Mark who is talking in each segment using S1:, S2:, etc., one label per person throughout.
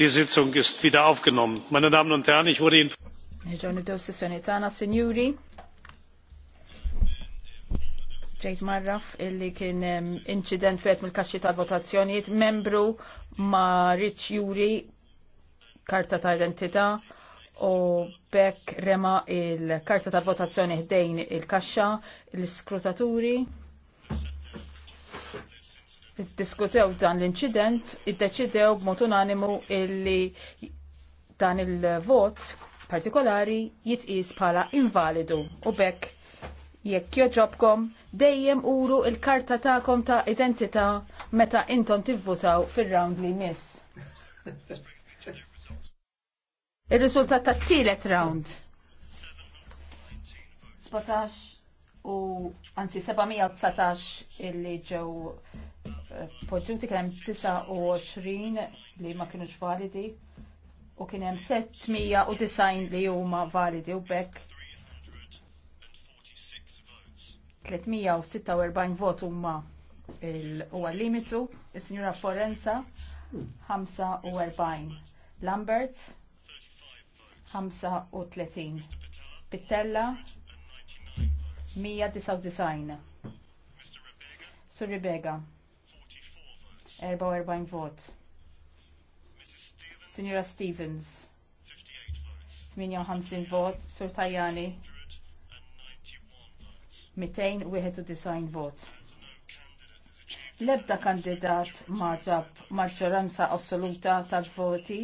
S1: Die Sitzung ist wieder aufgenommen. Meine Damen und Herren, ich wurde Ihnen. Ġejt marraf illi kien incident fet mill-kaxxi tal-votazzjonijiet membru ma Rich Juri karta ta' identità u bekk rema il-karta tal-votazzjoni ħdejn il-kaxxa l-iskrutaturi diskutew dan l-inċident, iddeċidew b'mod unanimu illi dan il-vot partikolari jitqis bħala invalidu u bekk jekk joġobkom dejjem uru il-karta ta'kom ta' identità meta intom tivvutaw fil-round li miss. Il-risultat ta' t-tielet round. 17 u anzi 719 illi ġew poġġuti kien hemm 29 li ma kienux validi u kien hemm 790 li huma validi u bekk 346 vot huma huwa limitu, is-Sinjura Forenza 45, Lambert 35, Pittella 199, Sur Rebega 44 vot. Signora Stevens, 58 vot. Sur Tajani, 291 vot. L-ebda kandidat maġab maġġoranza assoluta tal-voti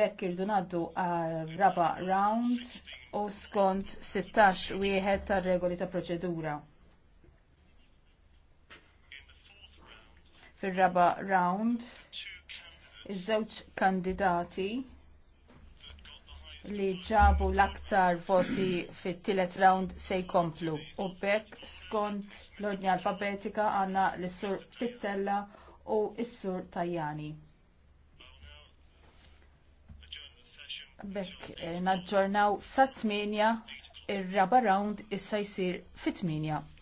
S1: bekk irdu naddu għal raba round u skont 16 wieħed tar-regoli ta' proċedura. fir-raba round iż-żewġ kandidati li ġabu l-aktar voti fit-tielet round se jkomplu. U bekk skont l-ordni alfabetika għandna l-sur Pittella u s-sur Tajani. Bekk eh, naġġornaw sa' 8 ir-raba round issa jsir fit-8.